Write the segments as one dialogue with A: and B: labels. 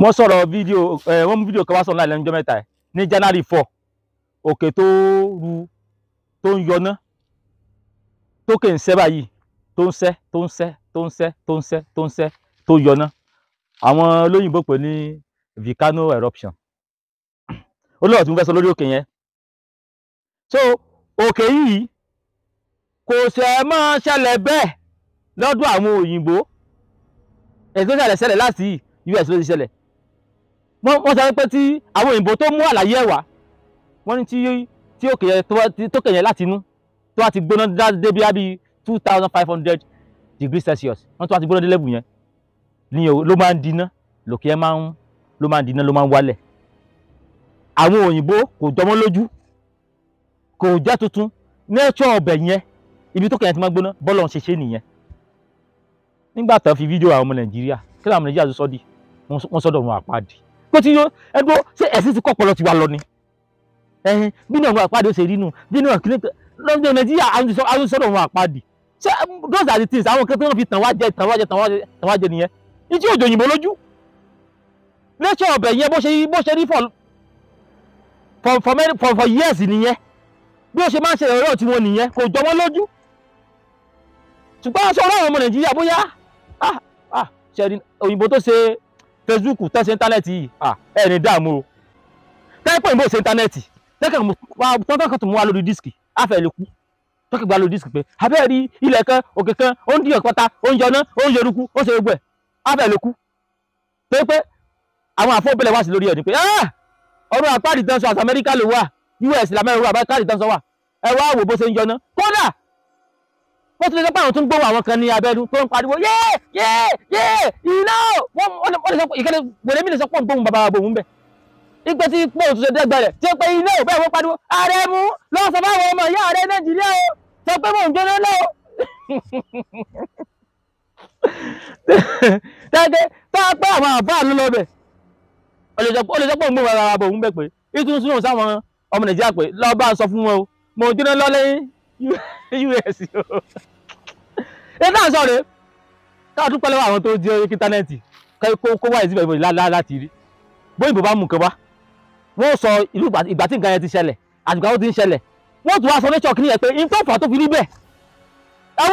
A: wọ́n sọ̀rọ̀ fídíò ẹ̀ eh, wọ́n mú fídíò kan wá sọ̀rọ̀ láìlẹ́nu ọjọ́ mẹ́ta ẹ̀ ní January four òkè tó ru tó ń yọná tókè ń sẹ́ báyìí tó ń sẹ́ tó ń sẹ́ tó ń sẹ́ tó ń sẹ́ tó ń sẹ́ tó yọná àwọn olóyìnbó pè ní volcano eruption olóòtú ń fẹ́ sọ lórí òkè yẹn so òkè yìí kò ṣe é máa ṣẹlẹ̀ bẹ́ẹ̀ lọ́dún àwọn òyìnbó èyí tó ṣẹlẹ̀ ṣẹlẹ̀ láti us ló ti ṣẹlẹ̀ wọ́n sọ pé tí àwọn òyìnbó tó mú àlàyé ẹ̀wà wọ́n ní tí òkè yẹn tó kẹ̀yẹ láti inú tó wá ti gbóná dé bí i two thousand five hundred degrees celsius wọ́n tó wá ti gbóná dé lẹ́bù yẹn ni ló máa ń dínà lòkè yẹn máa ń ló máa ń dínà ló máa ń wálẹ̀ àwọn òyìnbó kò jọmọ́ lójú kò jẹ́ tuntun nature ọbẹ̀ yẹn ibi tó kẹ̀yẹ ti máa gbóná bọ́lọ̀ ń ṣe ṣe nìyẹn nígbà tó fi fídíò àwọn ọmọ nàìjíríà kí làwọn ọmọ nàìjíríà tó sọ́ di wọ́n sọ́dọ̀ wọn àpáàdì pé tí yóò ẹgbẹ́ ṣé ẹ̀sìn ti kọ́ ọpọlọ tiwa lọ ni bí náà wọn àpáàdé ó ṣe rí nù bí náà kí ní lọ́jọ́ nàìjíríà àwọn sọ́dọ̀ wọn àpáàdì ṣé um, those are the things àwọn kan tí wọ́n fi tàn wá jẹ tàn wá jẹ tàn wá jẹ tàn wá jẹ nìyẹn ìjì òjò òyìnbó lójú lẹ́ṣọ̀ ọ̀bẹ̀ yẹn bó ṣe bó ṣe rí for for years nìyẹn bí ó ṣe máa ń ṣe ẹ̀rọ tiwọn nìyẹn kò jọ wọ́n lójú ṣùgbọ́n aṣọ ọlọ́run ọmọ nàìjíríà bóyá ah ah ṣẹ̀rí òyìnbó tó ṣe facebook tẹ́sí íńtánẹ́ẹ̀tì yìí ẹ̀ ní dààmú o tẹ́pẹ́ ìmọ̀ ṣe íńtánẹ́ẹ̀tì tọ́kàn tó mú wa lórí dísìkì àfẹ́ lè kú tọ́kàn gba lórí dísìkì pé abẹ́ rí ilẹ̀ kan òkè kan ó ń dìyàn pátá ó ń yọná ó ń yorùkú ó ṣe gbogbo ẹ̀ àfẹ́ lè kú tẹ́pẹ́ àwọn àfọ́bẹ̀lẹ̀ wá sí lórí ẹ̀ ni pé ọ̀run àpáàdì tán sọ àti amẹ́ríkà ló wà us làmẹ́rin wà àbáyé káàdì tán sọ wà ẹ wá wò bó ṣe ń yọná bó tilẹ̀ sọ pé àwọn tó ń gbówó àwọn kan ní abẹ́nu tó ń pariwo yé yé yé iná wọ́n lè sọ pé ìkẹ́lẹ́ wèrè mi lè sọ pé òun gbóhùn bàbá àbòhùn bẹ̀ ipe tí pọ̀ tó ṣe dẹ́gbẹ̀ rẹ̀ tí ó pe iná ò bẹ́ẹ̀ wọ́n pariwo ààrẹ mú lọ́sọ̀ báwọn ọmọ ìyá ààrẹ nàìjíríà o sọ pé mò ń jóná lọ́wọ́ tẹ́tẹ́ tá a pẹ́ àwọn àbá ló lọ bẹ̀ ó lè sọ pé òun gbóhùn bàbá àbòhùn bẹ̀ pé ìtúnṣúnà sáwọn ọmọ nàìjíríà pé lọ́ọ́ bá sọ fún wọn o mò ń jóná lọ́lẹ́yìn us o ẹ náà sọ̀rọ̀ káà tún pẹ̀lú àwọn tó jẹ́ orí íńtánẹ́ẹ̀tì kó wáyé síbẹ̀ ìbò láti rí bóyìnbó bá mú nǹkan wá wọ́n sọ ìlú ìgbà tí nǹkan yẹn ti ṣẹlẹ̀ àtìgbà ó ti ń ṣẹlẹ̀ wọ́n tún wá sọ nature kìíní yẹn pé nǹkan fà tó fi rí àwọn ò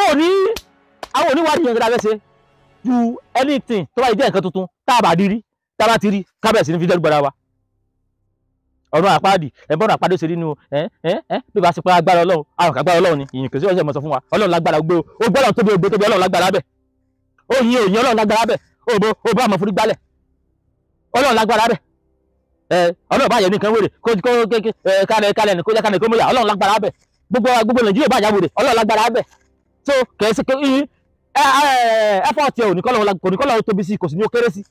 A: àwọn ò wá nìyẹn gẹ́gẹ́ ṣe ju anything tó bá yẹ jẹ́ nǹkan tuntun tá a bá rí rí tá a bá ti rí kábẹ̀sì ní fi gbọ́dọ̀ wa ọ̀run àpáàdì ẹ̀bọ́n àpáàdì ṣe rí nu ẹ ẹ ẹ bí ba ṣe pa agbára ọlọ́run àrùn agbára ọlọ́run ni ìyìn kìí ṣe mọ̀ sọ fún wa ọlọ́run lágbára gbé o ó gbọ́dọ̀ tóbi ògbé tóbi ọlọ́run lágbára bẹ̀ ó yin òyin ọlọ́run lágbára bẹ̀ ó bo ó bá àmọ́ fúri gbálẹ̀ ọlọ́run lágbára bẹ̀ ẹ ọlọ́run bá yẹ nìkan wèrè kó kó kálẹ̀ kálẹ̀ ní kó jẹ́ kálẹ̀ kó mọ̀ yà ọlọ́run lágbára bẹ̀ gbogbo gbogbo nàìjíríà bá yà wèrè ọlọ́run lágbára bẹ̀ so kẹ̀sì ẹ̀fọ́ tiẹ̀ òníkọ́lọ́run tóbi sí kò sí ní ó kéré sí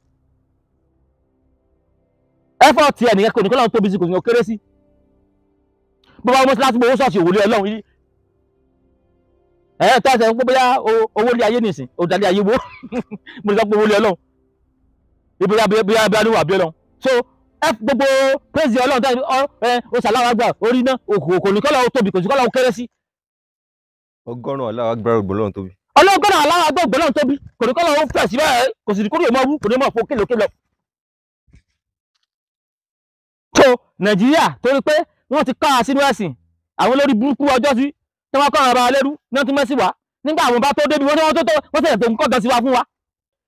A: effort ti ẹnìkan kò ní kọ́lọ́run tóbi sí kò ní kọ́ kéré sí bó bá mọ́sí láti gbowó ṣọ́ọ̀ṣì òwúlé ọlọ́run yìí ẹ̀ẹ́ tẹ́sẹ̀ ń pé bóyá owó lé ayé nìsín òdàlẹ́ ayé wo mo lè sọ pé owó lé ọlọ́run ibi ya bí ya bí ya níwà bí ọlọ́run so f gbogbo praise the ọlọ́run tẹ́sí ẹ o ṣàlàwà gbà orí náà kò ní kọ́lọ́run tóbi kò ní kọ́lọ́run kéré sí. ọgọ́rùn-ún aláwa gbẹ́rù gbọ́lọ́run tóbi. ọlọ́gọ́rùn-ún aláwa gbẹ́rù gbọ́lọ́run tóbi kò ní kọ́lọ́run fẹ̀ síbẹ̀ kò sì ní kó o nàìjíríà torí pé wọ́n ti káà sínú ẹ̀sìn àwọn olórí burúkú ọjọ́ sí tí wọ́n kọ́ ọ̀rọ̀ alẹ́rú náà tún mẹ́sì wá nígbà àwọn bá tó débi wọ́n tó tó wọ́n sẹ̀yẹ̀ tó ń kọ́gàn sí wa fún wa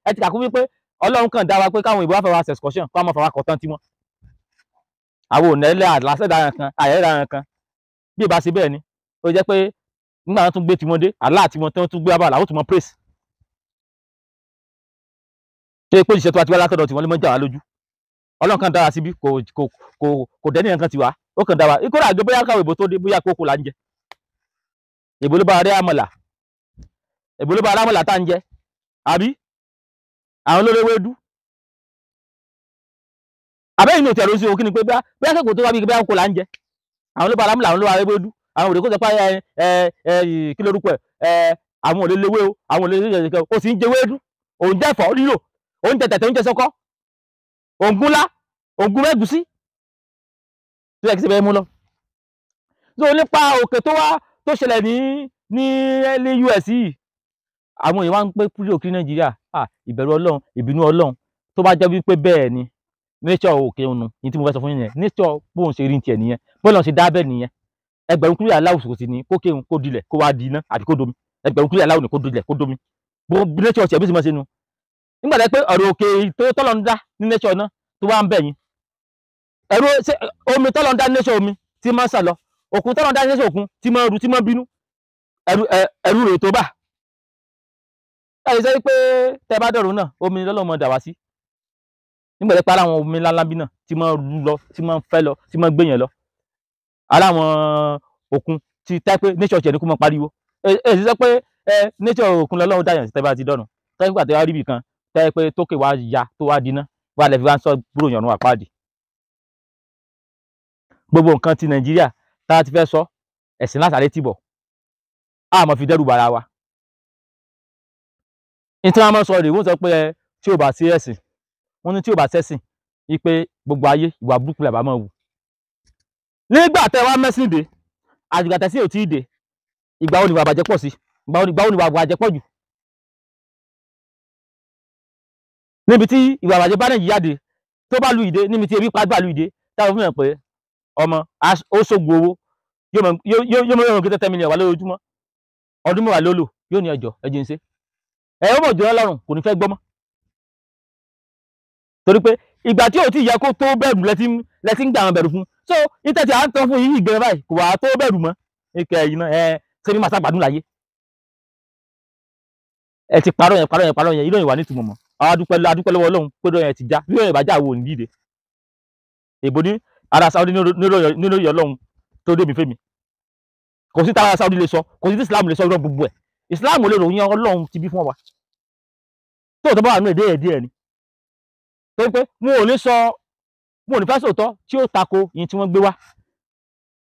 A: ẹ ti kàkú wípé ọlọ́run kan dá wa pé káwọn ìbò afẹ́wà sẹ̀skọ́ṣọ̀n kó àmọ́ fọwọ́ kọ̀tán tiwọn. àwọn ò nẹ́lẹ̀ àlásẹ̀dáran kan àyẹ̀dáran kan bí ìbá sí bẹ́ẹ̀ ni ó jẹ́ pé nígbà wọn tún gbé tiwọn dé àlá tiwọn tí wọn tún gbé abala ó tún mọ praise. ṣé pé ìṣètò àtiwálá tọ̀dọ̀ tiwọn ló mọ jà wá lójú ọlọ́run kan dára síbi kò kò kò kò dẹ́ni nǹkan tiwa ó kàn dára kódà àgbẹ̀ bóyá káwọn èbó tó dé bóyá kókó là ń jẹ èbó ló bá rẹ àmàlà èbó ló bá rẹ àmàlà tá à ń jẹ àbí àwọn olóró ewédú àbẹ́yìn ní òtẹ̀ ló sí òkú ni pé bóyá kókó tó wá bí bóyá kókó là ń jẹ àwọn ló bá rẹ àwọn ló ewédú àwọn òde kó sọ pé ẹ ẹ ẹ kí lorúkọ ẹ àwọn òde léwé o àwọn òde léwé o sì ń jẹ ewédú òun jẹ ẹ̀fọ́ ògùn mẹ́gùsí tó yẹ kí síbẹ̀ mú lọ. so nípa òkè tó wá tó ṣẹlẹ̀ ní ní eh, ní US yìí àwọn èèyàn wá ń pé púlò kí Nàìjíríà ìbẹ̀rù Ọlọ́run ìbínú Ọlọ́run tó bá jẹ́ wípé bẹ́ẹ̀ ni nature òkè ònu ní tí mo fẹ́ sọ fún yín yẹn nature bóun ṣe rí tiẹ̀ nìyẹn bóun náà ṣe dá bẹ́ẹ̀ nìyẹn ẹgbẹ̀rún kúrò aláwùsù kò sí ni kó kéwòn kó dilẹ̀ kó wá di iná àbí kó domi ẹgbẹ̀rún kúrò aláwùsù kó dilẹ̀ kó domi bó nature ọ̀sẹ̀ bí sì mọ̀ sínú nígbà tẹ́ pé ọ̀rọ̀ òkè tó tọ́lọ́ ń dá ní nature náà tó wá ń bẹ̀ ẹ̀rọ omi tọ́lọ̀ ń dání léṣe omi tí máa ń sà lọ òkun tọ́lọ̀ ń dání léṣe òkun tí máa ń ru tí máa ń bínú ẹ̀rù rèé tó bà ẹ̀rù sẹ́yìn pé tẹ́ bá dọ̀rùn náà omi lọ́lọ́ mọ dà wá sí nígbà tí para àwọn omi ńláńlá bí náà tí máa ń ru lọ tí máa ń fẹ́ lọ tí máa ń gbẹ̀yàn lọ aláwọn òkun ti tẹ́ pé nature tiẹ̀ ní kó máa pariwo èsì sọ pé nature òkun lọ́lọ́run dàyàn sí tẹ́ bá ti dọ̀rùn tẹ́ pé àtẹ́wá rí ibì kan tẹ́ pé tókè wá ya tó wá dínà wá lẹ́fi wá ń sọ gbúròyìn ọ̀run àpáàdì gbogbo nǹkan ti nàìjíríà tá a ti fẹ́ sọ ẹ̀sìn lásàlẹ̀ tì bọ̀ a mọ̀ fi dẹ́rù bara wa ìtí wọn máa sọ rèé wọn sọ pé tí ò bá sí ẹ̀sìn wọn ní tí ò bá sẹ́sìn yí pé gbogbo ayé ìwà burúkú làbá máa wù nígbà tẹ wá mẹ́sìn dé àjùgbà tẹ̀sìn ò tí ì dé ìgbà wo ni bàbá jẹ́ pọ̀ sí ìgbà wo ni bàbá jẹ́ pọ̀ jù níbi tí ìwà àbàjẹ́ bá nàìjíríà dé tó bá lu ìdè níbi tí ebi pa gbà lu ìdè táwọn fún mi pé ọmọ ó ṣògùn owó yóò mọ ìrùn kí tẹ́tẹ́ mílíọ̀n wà lójoojúmọ́ ọdún mẹ́wàá lólò yóò ní ẹjọ́ ẹjẹ́ ń ṣe ẹ̀rọ mọ̀ jọ lọ́rùn kò ní fẹ́ gbọ́mọ́ torí pé ìgbà tí ò tí yẹ kó tó bẹ̀rù lẹ́tí ń gbà wọn bẹ̀rù fún so níta tí a ń tán fún yìí ìgbẹ́ báyìí kò wà tó bẹ̀rù mọ́ ìkẹ́ ẹ̀yìn náà ẹ ṣe ní màsá gbádùn láyé ẹ ti parọ́ yẹn parọ́ yẹn parọ́ yẹn ìròyìn wà nítumọ̀ mọ́ àwọn adúpẹ́ lọ́wọ́ Ọlọ́run pé lọ́yẹn ti já bí ìròyìn bá já wò ní dìde èbó ní ara Saudi nínú ìyọ Ọlọ́run tó débi fẹ́mi kò sí tára Saudi lè sọ kò sí tí Islam lè sọ irọ́ gbogbo ẹ̀ Islam lè ròyìn Ọlọ́run ti bí fún wa tó tó bá wà nínú èdè ẹ̀ díẹ̀ ni pé pé wọn ò lè sọ wọn ò ní fẹ́ sòótọ́ tí ó tako yìí tí wọ́n gbé wá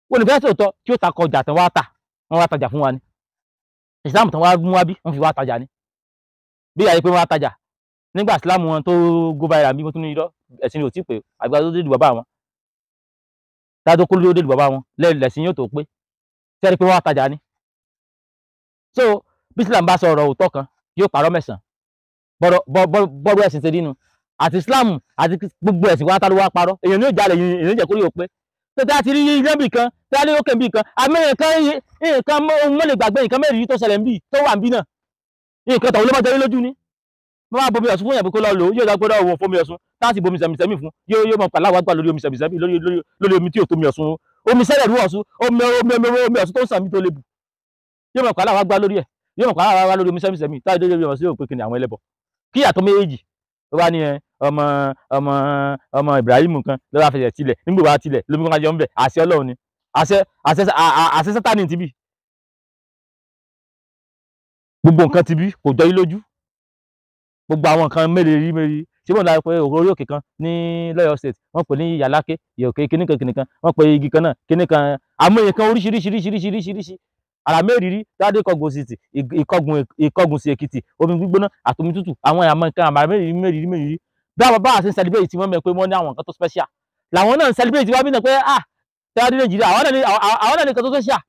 A: wọn ò ní fẹ́ sòótọ́ tí ó tako ọjà tán wá tà wọ́n wá tajà fún wa ni Islam tán wá mú wá bí wọ́n fi wá tajà ni bí àyè pé wọ́n wá tajà nígbà Islam wọn tó gómìnà mi tó ní irọ́ ẹ̀sìn ò tí pé àgbà tó dé ìdìbò bá wọn dájọ́ kó lóyún délùú bàbá wọn lẹ́sìn yóò tó pé sẹ́ni pé wọ́n àtajà ni. so bí Islam bá sọ òótọ́ kan yóò parọ́ mẹ́sàn-án bọ́rọ̀ ẹ̀sìn ti dínú àti Islam àti gbogbo ẹ̀sìn wa tálówó parọ́ èèyàn ní ò jalè èèyàn jẹ́ kórìí òpé tètè àti rí ilé bì kan tètè àti òkè bì kan àmì nǹkan nǹkan mọ́lẹ̀ gbàgbé nǹkan mẹ́rin tó ṣẹlẹ̀ bì tó wà bì náà nǹkan tọ̀hún ló mọ́ lójú ni wọ́n máa bomi ọ̀sùn fún yàn kó lọ lò ó yóò dá gbọ́dọ̀ wọ̀ fomi ọ̀sùn táàsì bomi sẹ̀mìsẹ̀mì fún yóò yóò mọ̀ pàláwà gbà lórí omi sẹ̀mìsẹ̀mì lórí omi tí ò tómi ọ̀sùn omi sẹ́lẹ̀ rú ọ̀sùn omi omi omi omi ọ̀sùn tó ń sàmì tó lébu yóò mọ̀ pàláwà gbà lórí ẹ̀ yóò mọ̀ pàláwà lórí omi sẹ̀mìsẹ̀mì táàsì lórí omi yóò pé kìnìún àwọn ẹlẹ́bọ kí àtọ́ méjì wá ní ọmọ ọmọ ọmọ Ibrahim kan lọ́wọ́ àfẹsẹ̀ tilẹ̀ nígbò wá tilẹ̀ lómi kan jọ ń bẹ̀ àṣẹ Ọlọ́run ni àṣẹ àṣẹ àṣẹ Sátánì ti bí gbogbo nǹkan ti bí kò jọ yín lójú gbogbo àwọn nǹkan mẹ́rẹ̀ẹ́rí mẹ́rẹ̀ẹ́rí ṣé mo dára pé orí òkè kan ní lọ́yọ̀ state wọ́n pè ní yàlákè òkè kìnìkan kìnìkan wọ́n pè igi kan náà kìnìkan àmúyẹ kan oríṣiríṣiríṣiríṣiríṣi àràmé ìrírí dáadé ìkọgùn sí ìkọgùn sí èkìtì omi gbígbóná àtomi tútù àwọn àmọ́ nǹkan àmàràmé ìrírí mẹ́rìírí mẹ́rìírí bí àwọn bá àti celebrate tí wọ́n mẹ́ pé wọ́n ní àwọn nǹkan tó special làwọn náà celebrate wọ́n bí náà pé ah tẹ́wọ́n dé nàìjíríà àwọn náà ní nǹkan tó special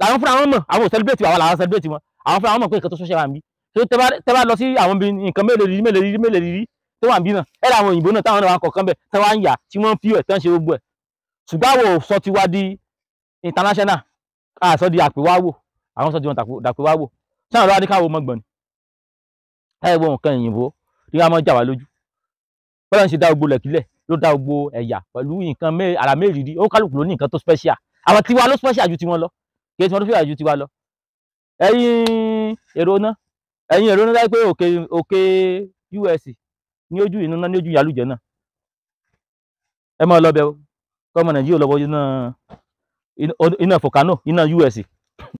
A: làwọn fúnra wọn mọ̀ àwọn ò celebrate wọn làwọn celebrate wọn àwọn fúnra wọn mọ̀ pé nǹkan tó special wà ń tó tẹ́ bá lọ sí àwọn bí nǹkan mélòó mélòó mélòó tó wà ń bí náà ẹ̀rọ àwọn òyìnbó náà táwọn náà kọ̀ọ̀kan bẹ̀ tán wá ń yà tí wọ́n ń fi ẹ̀ tán ṣe gbogbo ẹ̀ ṣùgbọ́n àwọn sọ ti wá di international àṣọ di àpèwáwò àwọn sọ di wọn dàpèwáwò sáwọn lọ́wọ́ ní káwọn mọ́gbọ̀n ni ẹ̀ wọ nǹkan òyìnbó ní ká mọ́ jà wá lójú bọ́lá ń ṣe dá gbogbo lẹ̀kílẹ̀ ló dá gbogbo ẹ̀yà pẹ̀lú nǹkan àrà méjìdí ó kálukú ló ní nǹkan tó special àwọn tiwa ló special ju tiwọn lọ kí ẹ ti wọn ló fẹ́ràn ju tiwa lọ ẹ̀yin èrò náà ẹ̀yin èrò nílá pé òkè òkè us ní ojú iná náà ní ojú ìyálùjẹ náà ẹ máa lọ bẹ kọ́mọ nàìjíríà lọ́wọ́ iná iná fòkánò iná us